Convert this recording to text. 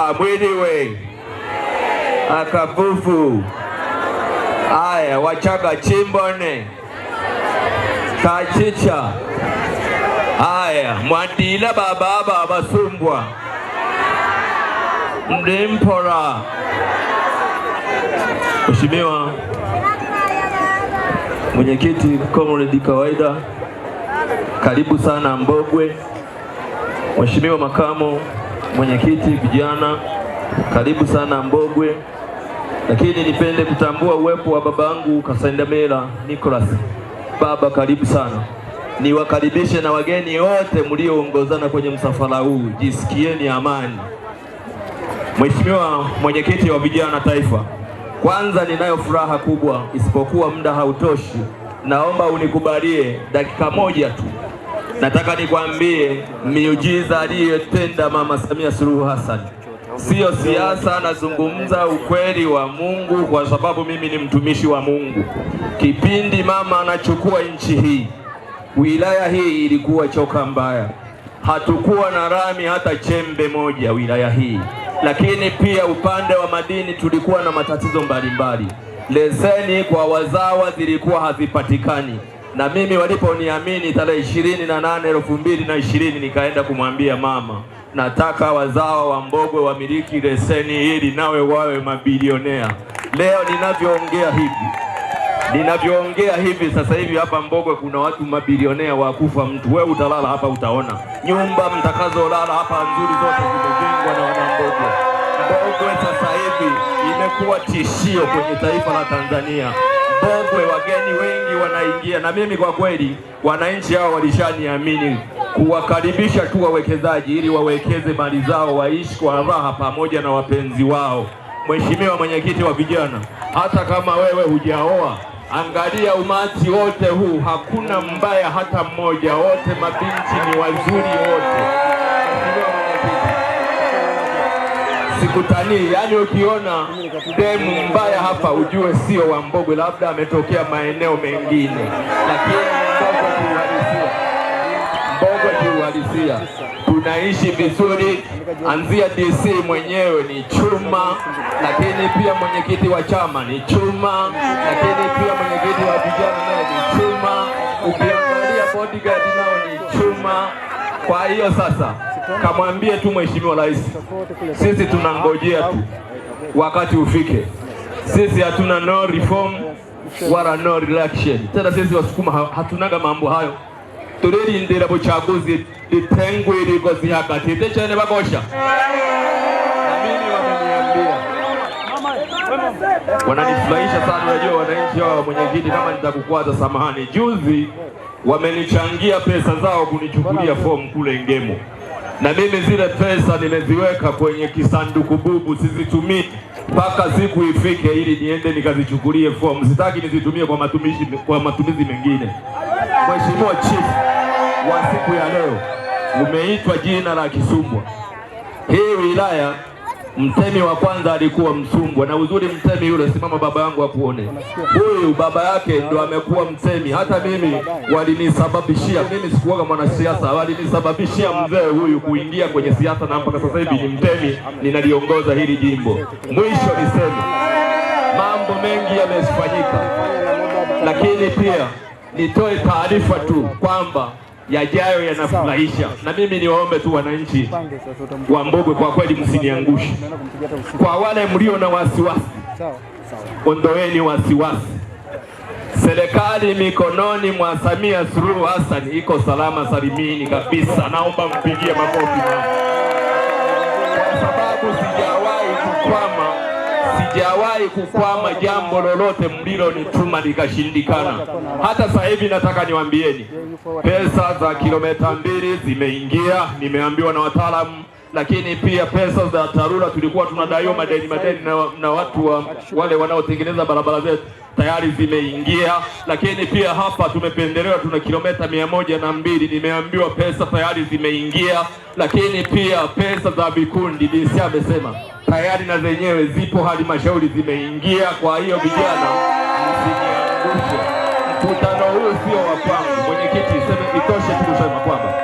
Ah, mwiniwe akafufu ah, aya Wachaga Chimbone Kachicha aya Mwandila bababa Basumbwa Mdimpora. Mheshimiwa Mwenyekiti Comrade Kawaida, karibu sana Mbogwe. Mheshimiwa Makamo mwenyekiti vijana, karibu sana Mbogwe. Lakini nipende kutambua uwepo wa babangu kasendamela Nicholas. Baba, karibu sana. Niwakaribishe na wageni wote mlioongozana kwenye msafara huu, jisikieni amani. Mheshimiwa mwenyekiti wa vijana taifa, kwanza ninayo furaha kubwa, isipokuwa muda hautoshi, naomba unikubalie dakika moja tu Nataka nikwambie miujiza aliyotenda Mama Samia Suluhu Hassan siyo siasa. Nazungumza ukweli wa Mungu kwa sababu mimi ni mtumishi wa Mungu. Kipindi mama anachukua nchi hii, wilaya hii ilikuwa choka mbaya, hatukuwa na rami hata chembe moja wilaya hii. Lakini pia upande wa madini tulikuwa na matatizo mbalimbali, leseni kwa wazawa zilikuwa hazipatikani na mimi waliponiamini tarehe ishirini na nane elfu mbili na ishirini nikaenda kumwambia mama, nataka wazawa wa Mbogwe wamiliki leseni ili nawe wawe mabilionea. Leo ninavyoongea hivi ninavyoongea hivi sasa hivi hapa Mbogwe kuna watu mabilionea wakufa mtu. Wewe utalala hapa utaona nyumba mtakazolala hapa nzuri, zote zimejengwa na Wanambogwe. Mbogwe sasa hivi imekuwa tishio kwenye taifa la Tanzania. Mbogwe wageni wengi kweli wanaingia, na mimi kwa kweli wananchi hao walishaniamini kuwakaribisha tu wawekezaji ili wawekeze mali zao waishi kwa raha pamoja na wapenzi wao. Mheshimiwa mwenyekiti wa vijana, hata kama wewe hujaoa Angalia umati wote huu, hakuna mbaya hata mmoja, wote mabinti ni wazuri wote. sikutani. Yani ukiona demu mbaya hapa ujue sio wa Mbogwe, labda ametokea maeneo mengine, lakini Mbogwe kiuhalisia tunaishi vizuri. Anzia DC mwenyewe ni chuma, lakini pia mwenyekiti wa chama ni chuma, lakini pia mwenyekiti wa vijana naye ni chuma, ukiangalia bodyguard nao ni chuma. Kwa hiyo sasa kamwambie tu Mheshimiwa Rais, sisi tunangojea tu wakati ufike. Sisi hatuna no reform wala no election tena. Sisi wasukuma hatunaga mambo hayo, tulilindira buchaguzi litengwe ligozi hakati ivyo bagosha wananifurahisha sana. Unajua wananchi wao mwenyekiti, kama nitakukwaza samahani. Juzi wamenichangia pesa zao kunichukulia fomu kule Ngemo na mimi zile pesa nimeziweka kwenye kisanduku bubu, sizitumii mpaka siku ifike ili niende nikazichukulie fomu. Sitaki nizitumie kwa matumizi, kwa matumizi mengine. Mheshimiwa Chief, wa siku ya leo umeitwa jina la Kisumbwa, hii wilaya Mtemi wa kwanza alikuwa Msungwa, na uzuri mtemi yule, simama baba yangu akuone. Huyu baba yake ndo amekuwa mtemi. Hata mimi walinisababishia, mimi sikuwaga mwanasiasa, walinisababishia mzee huyu kuingia kwenye siasa, na mpaka sasa hivi ni mtemi, ninaliongoza hili jimbo. Mwisho niseme mambo mengi yamefanyika, lakini pia nitoe taarifa tu kwamba yajayo yanafurahisha. Na mimi niwaombe tu wananchi wa Mbogwe, kwa kweli msiniangushe. Kwa wale mlio na wasiwasi, ondoeni wasiwasi. Serikali mikononi mwa Samia Suluhu Hassan iko salama salimini kabisa. Naomba mpigie makofi. sijawahi kukwama jambo lolote mlilonituma likashindikana. Hata sasa hivi nataka niwaambieni, pesa za kilomita mbili zimeingia, nimeambiwa na wataalamu lakini pia pesa za TARURA tulikuwa tunadaiwa madeni madeni na, na watu wa, wale wanaotengeneza barabara zetu tayari zimeingia. Lakini pia hapa tumependelewa, tuna kilomita mia moja na mbili nimeambiwa pesa tayari zimeingia. Lakini pia pesa za vikundi DC amesema tayari na zenyewe zipo, halmashauri zimeingia. Kwa hiyo vijana, msiniangushe mkutano huu sio wa kwangu. Mwenyekiti, sema itoshe, tukusema kwamba